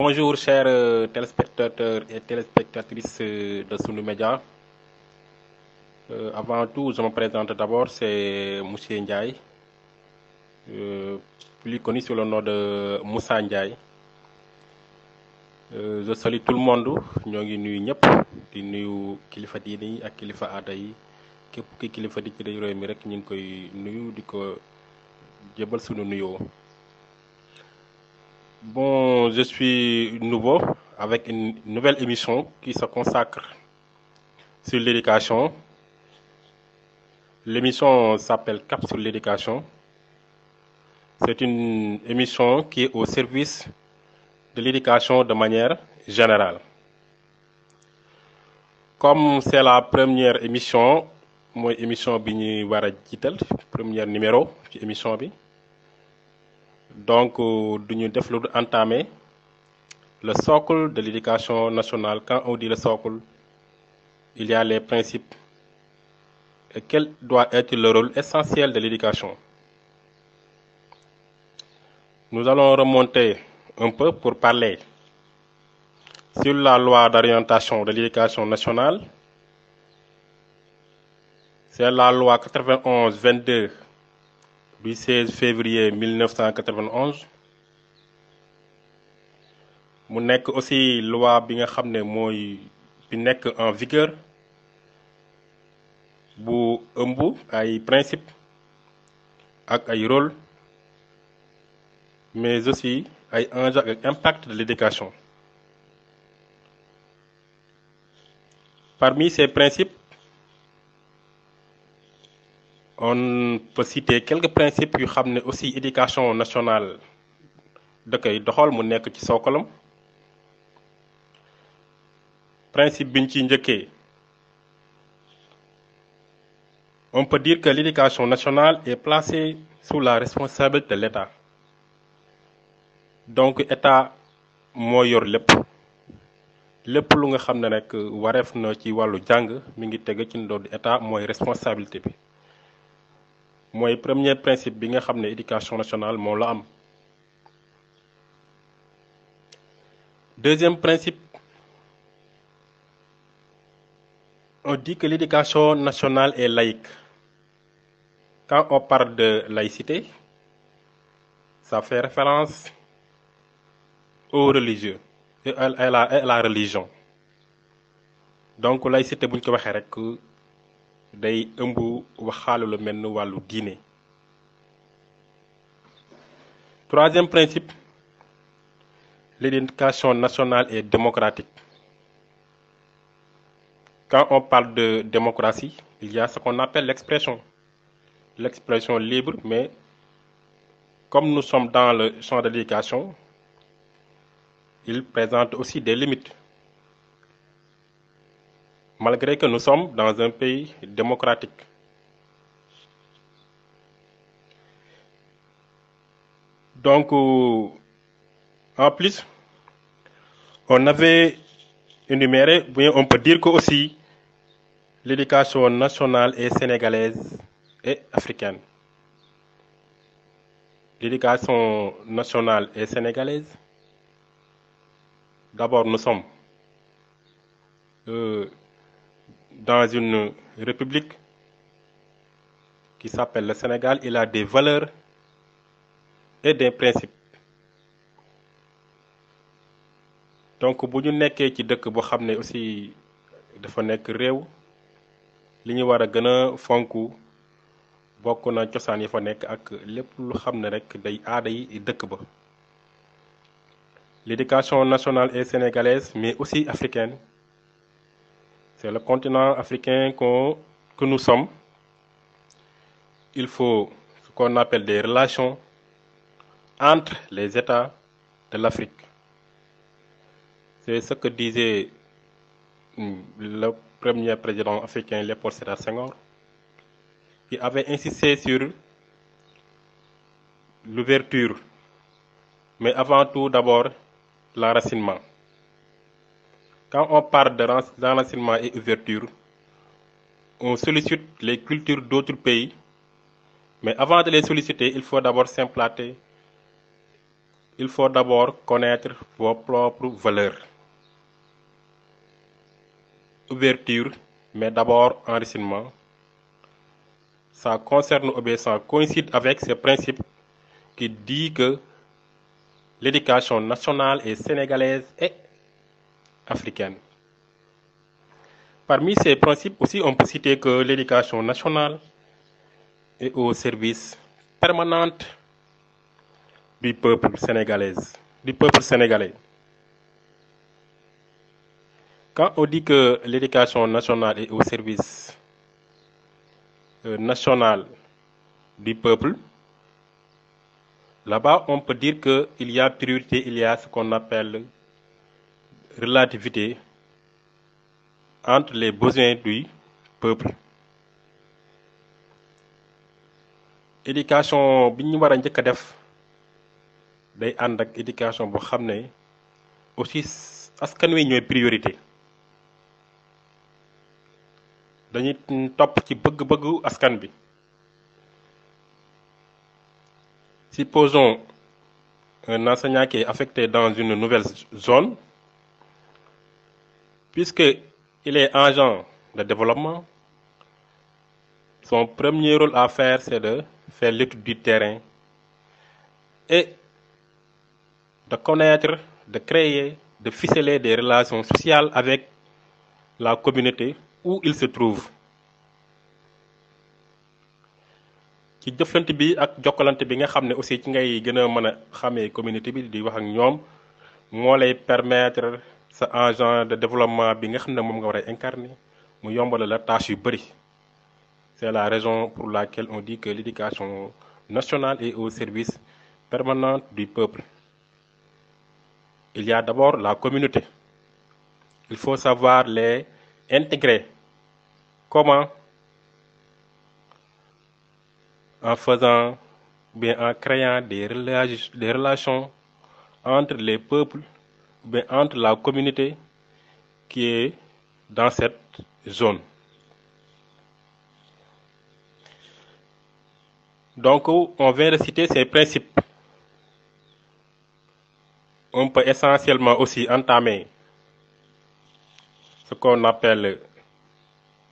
Bonjour chers euh, téléspectateurs et téléspectatrices euh, de Sunu Média. Euh, avant tout, je me présente d'abord, c'est Monsieur Ndiaye, euh, plus connu sous le nom de Moussa Ndiaye. Euh, je salue tout le monde ñoo ngi nuyu ñëpp di nuyu kilifa diine ak kilifa aada yi képp ki kilifa di ci réew mi rek ñu ngi koy nuyu di ko jébal sunu nuyoo. Bon, je suis nouveau avec une nouvelle émission qui se consacre sur l'éducation. L'émission s'appelle Cap sur l'éducation. C'est une émission qui est au service de l'éducation de manière générale. Comme c'est la première émission, moi émission bi ñuy war a jiital première numéro ci émission bi. donc euh, duñu def lu entamer le socle de l'éducation nationale quand on dit le socle il y a les principes et quel doit être le rôle essentiel de l'éducation nous allons remonter un peu pour parler sur la loi d'orientation de l'éducation nationale c'est la loi 91 22 du 16 février 1991 mu nekk aussi loi bi nga xam ne mooy bi nekk en vigueur bu ëmb ay principe ak ay rôle mais aussi ay enjeux ak impact de l'éducation parmi ces principes on peut citer quelques principes yu xam ne aussi éducation nationale da koy doxal mu nekk ci sookalam principe biñ ciy njëkkee on peut dire que l'éducation nationale et placée sous la responsabilité de l'État donc État moo yor lépp lépp lu nga xam ne rek wareef na ci wàllu jàng mu ngi teg ci ndodd État mooy responsabilité bi mooy premier principe bi nga xam ne éducation nationale moom la am deuxième principe on dit que l'éducation nationale est laïque quand on parle de laïcité ça fait référence aux religieux et à la, à la religion donc laïcité bu ñu ko waxee rek day ëmb waxaale lu mel ni wàllu diine troisième principe l'éducation nationale et démocratique quand on parle de démocratie il y a ce qu'on appelle l'expression l'expression libre mais comme nous sommes dans le champ de l'éducation il présente aussi des limites malgré que nous sommes dans un pays démocratique. Donc, euh, en plus, on avait énuméré, on peut dire que aussi l'éducation nationale et sénégalaise et africaine. L'éducation nationale et sénégalaise. D'abord, nous sommes euh, dans une république ki s'appelle le Sénégal, il a des valeurs et des principes. Donc bu ñu nekkee ci dëkk boo xam ne aussi dafa nekk réew li ñu war a gën a fonk bokk na cosaan yi fa nekk ak lépp lu xam ne rek day aada yi dëkk ba. L'éducation nationale et sénégalaise mais aussi africaine. c'est le continent africain qu'on que nous sommes. Il faut ce qu'on appelle des relations entre les États de l'Afrique. C'est ce que disait hmm, le premier président africain Léopold Sédar Senghor, qui avait insisté sur l'ouverture, mais avant tout d'abord l'enracinement. Quand on parle d'enracinement et ouverture, on sollicite les cultures d'autres pays, mais avant de les solliciter, il faut d'abord s'implanter, il faut d'abord connaître vos propres valeurs. Ouverture, mais d'abord enracinement. Ça concerne obéissance, coïncide avec ce principe qui dit que l'éducation nationale et sénégalaise africaine. Parmi ces principes aussi, on peut citer que l'éducation nationale est au service permanent du peuple sénégalais. Du peuple sénégalais. Quand on dit que l'éducation nationale est au service euh, national du peuple, là-bas on peut dire qu'il y a priorité, il y a ce qu'on appelle relativité entre les besoins du peuple éducation bi ñu war a njëkk a def day ànd ak éducation boo xam ne aussi askan wi ñooy priorité dañuy topp ci bëgg-bëggu askan bi supposons un enseignant qui est affecté dans une nouvelle zone Puisqu'il est agent de développement, son premier rôle à faire, c'est de faire l'étude du terrain et de connaître, de créer, de ficeler des relations sociales avec la communauté où il se trouve. ci jëflante bi ak jokkalante bi nga xam ne aussi ci ngay gën a mën a xamee communauté bi di wax ak ñoom moo lay permettre sa agent de développement bi nga xam ne moom nga war a incarner mu yombala la tâche yu bëri c'est la raison pour laquelle on di que l'éducation nationale est au service permanent du peuple il y a d'abord la communauté il faut savoir les intégrer comment en faisant bien en créant des relations des relations entre les peuples mais entre la communauté qui est dans cette zone. Donc, on vient de citer ces principes. On peut essentiellement aussi entamer ce qu'on appelle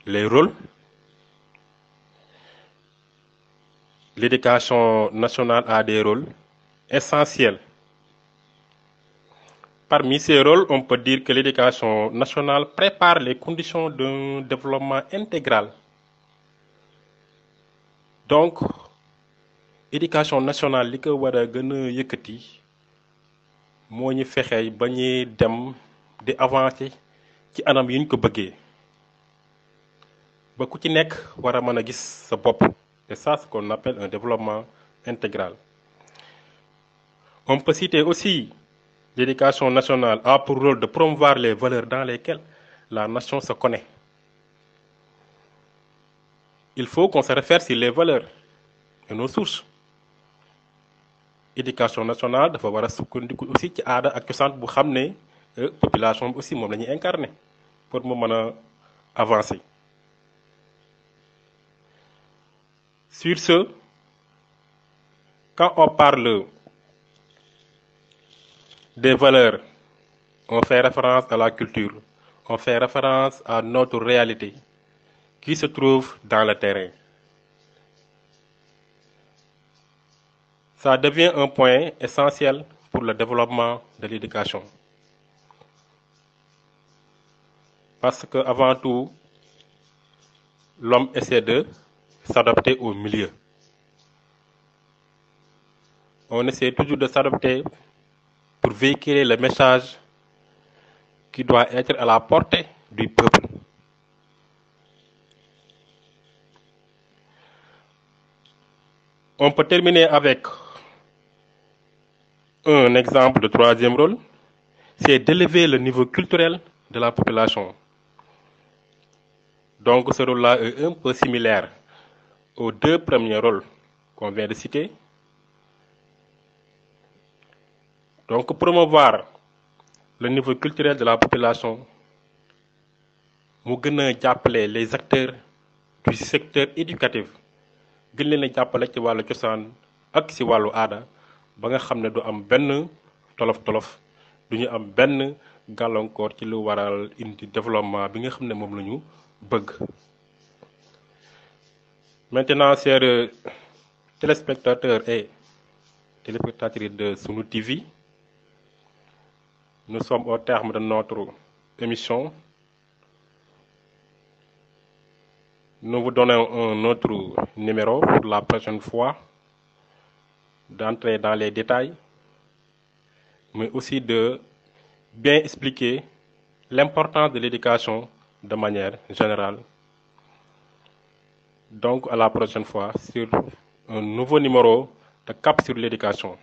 les rôle L'éducation nationale a des rôles essentiels Parmi ces rôles, on peut dire que l'éducation nationale prépare les conditions d'un développement intégral. Donc, éducation nationale li ko war a gën a yëkkati moo ñu fexee ba ñuy dem di avancer ci anam yi ko bëggee ba ku ci nekk war a mën a gis sa bopp et ça ce qu'on appelle un développement intégral L'éducation nationale a pour rôle de promouvoir les valeurs dans lesquelles la nation se connaît. Il faut qu'on se réfère sur les valeurs et nos sources. Éducation nationale dafa war a sukkandiku aussi ci aada ak cosaan bu xam ne euh, population aussi moom la ñuy incarné pour mu mën a avancer. Sur ce, quand on parle des valeurs. On fait référence à la culture. On fait référence à notre réalité qui se trouve dans le terrain. Ça devient un point essentiel pour le développement de l'éducation. Parce que avant tout, l'homme essaie de s'adapter au milieu. On essaie toujours de s'adapter véhiculer le message qui doit être à la portée du peuple. On peut terminer avec un exemple de troisième rôle, c'est d'élever le niveau culturel de la population. Donc ce rôle-là est un peu similaire aux deux premiers rôles qu'on de citer. donc promouvoir le niveau culturel de la population mu gën a jàppale les acteurs du secteur éducatif gën leen a jàppale ci wàllu cosaan ak ci wàllu aada ba nga xam ne du am benn tolof-tolof du ñu am benn gàllankoor ci lu waral indi développement bi nga xam ne moom la ñu bëgg maintenant chers téléspectateurs et téléspectatrices de Sunu TV Nous sommes au terme de notre émission. Nous vous donnons un autre numéro pour la prochaine fois, d'entrer dans les détails, mais aussi de bien expliquer l'importance de l'éducation de manière générale. Donc, à la prochaine fois sur un nouveau numéro de Cap sur l'éducation.